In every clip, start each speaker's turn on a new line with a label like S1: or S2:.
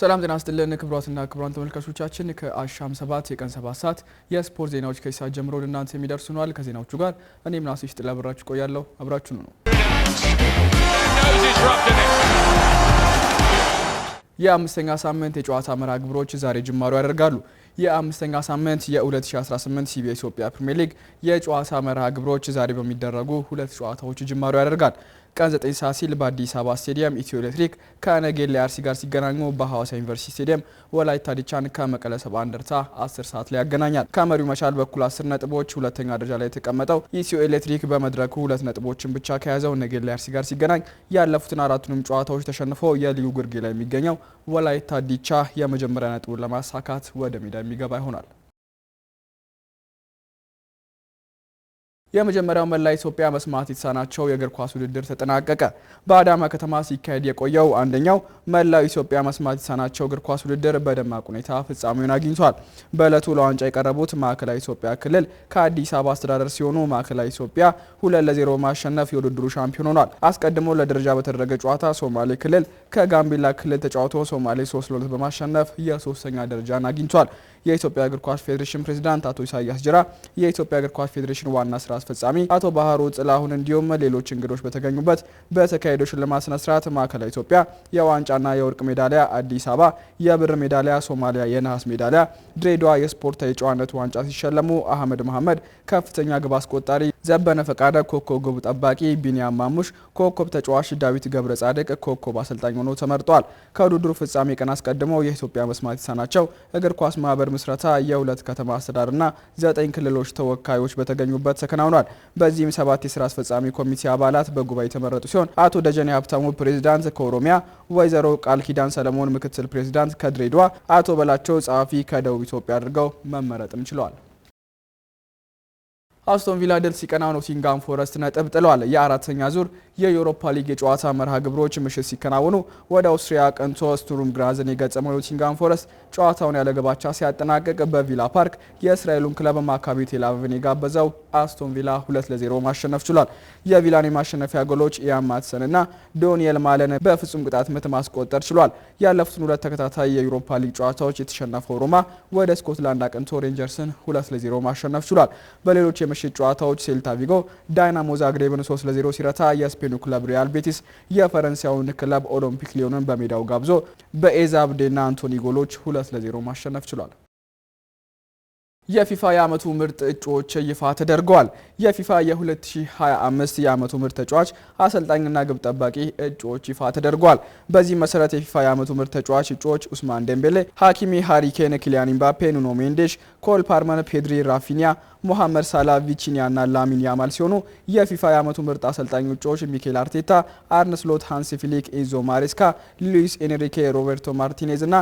S1: ሰላም ጤና ይስጥልን ክቡራትና ክቡራን ተመልካቾቻችን ከአሻም ሰባት የቀን ሰባት ሰዓት የስፖርት ዜናዎች ከዚህ ጀምሮ እናንተ የሚደርሱ ነዋል። ከዜናዎቹ ጋር እኔ ምናሴ ሽጥላ አብራችሁ ቆያለሁ። አብራችሁ ነው። የአምስተኛ ሳምንት የጨዋታ መርሃ ግብሮች ዛሬ ጅማሩ ያደርጋሉ። የአምስተኛ ሳምንት የ2018 ሲቢኤ ኢትዮጵያ ፕሪሚየር ሊግ የጨዋታ መርሃ ግብሮች ዛሬ በሚደረጉ ሁለት ጨዋታዎች ጅማሩ ያደርጋል። ቀን 9 ሰዓት ሲል በአዲስ አበባ ስቴዲየም ኢትዮ ኤሌክትሪክ ከነገሌ አርሲ ጋር ሲገናኙ በሐዋሳ ዩኒቨርሲቲ ስቴዲየም ወላይታ ዲቻን ከመቀለ ሰባ እንደርታ 10 ሰዓት ላይ ያገናኛል። ከመሪው መቻል በኩል 10 ነጥቦች ሁለተኛ ደረጃ ላይ የተቀመጠው ኢትዮ ኤሌክትሪክ በመድረኩ ሁለት ነጥቦችን ብቻ ከያዘው ነገሌ አርሲ ጋር ሲገናኝ ያለፉትን አራቱንም ጨዋታዎች ተሸንፎ የልዩ ግርጌ ላይ የሚገኘው ወላይታ ዲቻ የመጀመሪያ ነጥቡን ለማሳካት ወደ ሜዳ የሚገባ ይሆናል። የመጀመሪያው መላ ኢትዮጵያ መስማት የተሳናቸው የእግር ኳስ ውድድር ተጠናቀቀ። በአዳማ ከተማ ሲካሄድ የቆየው አንደኛው መላው ኢትዮጵያ መስማት የተሳናቸው እግር ኳስ ውድድር በደማቅ ሁኔታ ፍጻሜውን አግኝቷል። በዕለቱ ለዋንጫ የቀረቡት ማዕከላዊ ኢትዮጵያ ክልል ከአዲስ አበባ አስተዳደር ሲሆኑ ማዕከላዊ ኢትዮጵያ ሁለት ለዜሮ ማሸነፍ የውድድሩ ሻምፒዮን ሆኗል። አስቀድሞ ለደረጃ በተደረገ ጨዋታ ሶማሌ ክልል ከጋምቤላ ክልል ተጫውቶ ሶማሌ ሶስት ለሁለት በማሸነፍ የሶስተኛ ደረጃን አግኝቷል። የኢትዮጵያ እግር ኳስ ፌዴሬሽን ፕሬዚዳንት አቶ ኢሳያስ ጅራ፣ የኢትዮጵያ እግር ኳስ ፌዴሬሽን ዋና ስራ አስፈጻሚ አቶ ባህሩ ጥላሁን እንዲሁም ሌሎች እንግዶች በተገኙበት በተካሄደው ሽልማት ስነስርዓት ማዕከላዊ ኢትዮጵያ የዋንጫና የወርቅ ሜዳሊያ አዲስ አበባ የብር ሜዳሊያ፣ ሶማሊያ የነሐስ ሜዳሊያ፣ ድሬዳዋ የስፖርታዊ ጨዋነት ዋንጫ ሲሸለሙ አህመድ መሐመድ ከፍተኛ ግብ አስቆጣሪ ዘበነ ፈቃደ ኮከብ ግብ ጠባቂ ቢኒያም ማሙሽ ኮከብ ተጫዋች ዳዊት ገብረ ጻድቅ ኮከብ አሰልጣኝ ሆኖ ተመርጧል። ከውድድሩ ፍጻሜ ቀን አስቀድሞ የኢትዮጵያ መስማት የተሳናቸው እግር ኳስ ማህበር ምስረታ የሁለት ከተማ አስተዳደርና ዘጠኝ ክልሎች ተወካዮች በተገኙበት ተከናውኗል። በዚህም ሰባት የስራ አስፈጻሚ ኮሚቴ አባላት በጉባኤ የተመረጡ ሲሆን አቶ ደጀኔ ሀብታሙ ፕሬዚዳንት ከኦሮሚያ፣ ወይዘሮ ቃል ኪዳን ሰለሞን ምክትል ፕሬዚዳንት ከድሬዳዋ፣ አቶ በላቸው ጸሐፊ ከደቡብ ኢትዮጵያ አድርገው መመረጥም ችለዋል። አስቶን ቪላ ድል ሲቀና ኖቲንጋም ፎረስት ነጥብ ጥሏል። የአራተኛ ዙር የዩሮፓ ሊግ የጨዋታ መርሃ ግብሮች ምሽት ሲከናወኑ ወደ አውስትሪያ ቀንቶ ስቱሩም ግራዝን የገጸመው ኖቲንጋም ፎረስት ጨዋታውን ያለገባቻ ሲያጠናቀቅ በቪላ ፓርክ የእስራኤሉን ክለብ ማካቢ ቴላቪቭን የጋበዘው አስቶን ቪላ ሁለት ለዜሮ ማሸነፍ ችሏል። የቪላን የማሸነፊያ ጎሎች ኢያን ማትሰን እና ዶኒየል ማለን በፍጹም ቅጣት ምት ማስቆጠር ችሏል። ያለፉትን ሁለት ተከታታይ የዩሮፓ ሊግ ጨዋታዎች የተሸነፈው ሮማ ወደ ስኮትላንድ አቅንቶ ሬንጀርስን ሁለት ለዜሮ ማሸነፍ ችሏል። በሌሎች ምሽት ጨዋታዎች ሴልታ ቪጎ ዳይናሞ ዛግሬብን 3 ለ0 ሲረታ፣ የስፔኑ ክለብ ሪያል ቤቲስ የፈረንሳዩን ክለብ ኦሎምፒክ ሊዮንን በሜዳው ጋብዞ በኤዛብዴና አንቶኒ ጎሎች 2 ለ0 ማሸነፍ ችሏል። የፊፋ የዓመቱ ምርጥ እጩዎች ይፋ ተደርገዋል። የፊፋ የ2025 የዓመቱ ምርጥ ተጫዋች አሰልጣኝና ግብ ጠባቂ እጩዎች ይፋ ተደርገዋል። በዚህ መሰረት የፊፋ የዓመቱ ምርጥ ተጫዋች እጩዎች ኡስማን ደምቤሌ፣ ሀኪሚ፣ ሃሪኬን፣ ኪሊያን ኢምባፔ፣ ኑኖ ሜንዴሽ፣ ኮል ፓርመን፣ ፔድሪ፣ ራፊኒያ፣ ሞሐመድ ሳላ፣ ቪቺኒያ ና ላሚን ያማል ሲሆኑ የፊፋ የዓመቱ ምርጥ አሰልጣኝ እጩዎች ሚኬል አርቴታ፣ አርነ ሃንስ ፊሊክ፣ ኢንዞ ማሬስካ፣ ሉዊስ ኤንሪኬ፣ ሮቤርቶ ማርቲኔዝ ና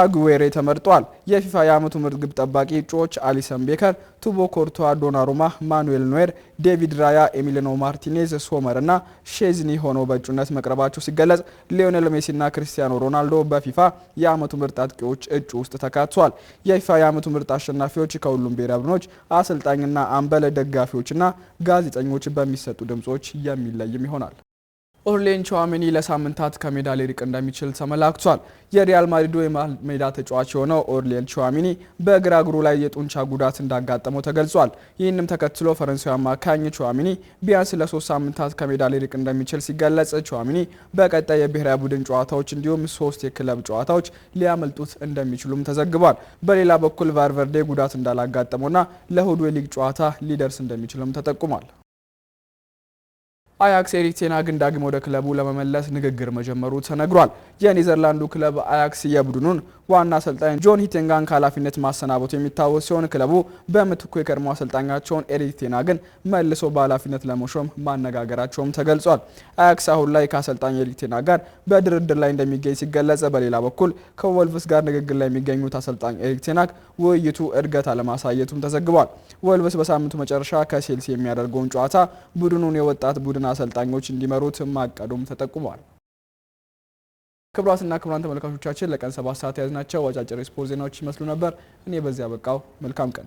S1: አግዌሬ ተመርጧል። የፊፋ የዓመቱ ምርጥ ግብ ጠባቂ እጩዎች አሊሰን ቤከር፣ ቱቦ ኮርቷ፣ ዶናሩማ፣ ማኑኤል ኖዌር፣ ዴቪድ ራያ፣ ኤሚሊኖ ማርቲኔዝ፣ ሶመር እና ሼዝኒ ሆነው በእጩነት መቅረባቸው ሲገለጽ፣ ሊዮኔል ሜሲና ክርስቲያኖ ሮናልዶ በፊፋ የዓመቱ ምርጥ አጥቂዎች እጩ ውስጥ ተካትቷል። የፊፋ የዓመቱ ምርጥ አሸናፊዎች ከሁሉም ብሔራዊ ቡድኖች አሰልጣኝና አምበል ደጋፊዎችና ጋዜጠኞች በሚሰጡ ድምጾች የሚለይም ይሆናል። ኦርሌን ቸዋሜኒ ለሳምንታት ከሜዳ ሊርቅ እንደሚችል ተመላክቷል። የሪያል ማድሪዱ የመሃል ሜዳ ተጫዋች የሆነው ኦርሌን ቸዋሜኒ በግራ እግሩ ላይ የጡንቻ ጉዳት እንዳጋጠመው ተገልጿል። ይህንም ተከትሎ ፈረንሳዊ አማካኝ ቸዋሜኒ ቢያንስ ለሶስት ሳምንታት ከሜዳ ሊርቅ እንደሚችል ሲገለጽ፣ ቸዋሜኒ በቀጣይ የብሔራዊ ቡድን ጨዋታዎች እንዲሁም ሶስት የክለብ ጨዋታዎች ሊያመልጡት እንደሚችሉም ተዘግቧል። በሌላ በኩል ቫርቨርዴ ጉዳት እንዳላጋጠመውና ለእሁዱ የሊግ ጨዋታ ሊደርስ እንደሚችልም ተጠቁሟል። አያክስ ኤሪክ ቴናግን ዳግም ወደ ክለቡ ለመመለስ ንግግር መጀመሩ ተነግሯል። የኔዘርላንዱ ክለብ አያክስ የቡድኑን ዋና አሰልጣኝ ጆን ሂቴንጋን ከኃላፊነት ማሰናበቱ የሚታወስ ሲሆን ክለቡ በምትኩ የቀድሞ አሰልጣኛቸውን ኤሪክ ቴናግን መልሶ በኃላፊነት ለመሾም ማነጋገራቸውም ተገልጿል። አያክስ አሁን ላይ ከአሰልጣኝ ኤሪክ ቴናግ ጋር በድርድር ላይ እንደሚገኝ ሲገለጸ፣ በሌላ በኩል ከወልቭስ ጋር ንግግር ላይ የሚገኙት አሰልጣኝ ኤሪክ ቴናግ ውይይቱ እድገት አለማሳየቱም ተዘግቧል። ወልቭስ በሳምንቱ መጨረሻ ከቼልሲ የሚያደርገውን ጨዋታ ቡድኑን የወጣት ቡድን አሰልጣኞች እንዲመሩት ማቀዱም ተጠቁሟል። ክቡራትና ክቡራን ተመልካቾቻችን ለቀን ሰባት ሰዓት የያዝናቸው አጫጭር ስፖርት ዜናዎች ይመስሉ ነበር። እኔ በዚያ በቃው። መልካም ቀን።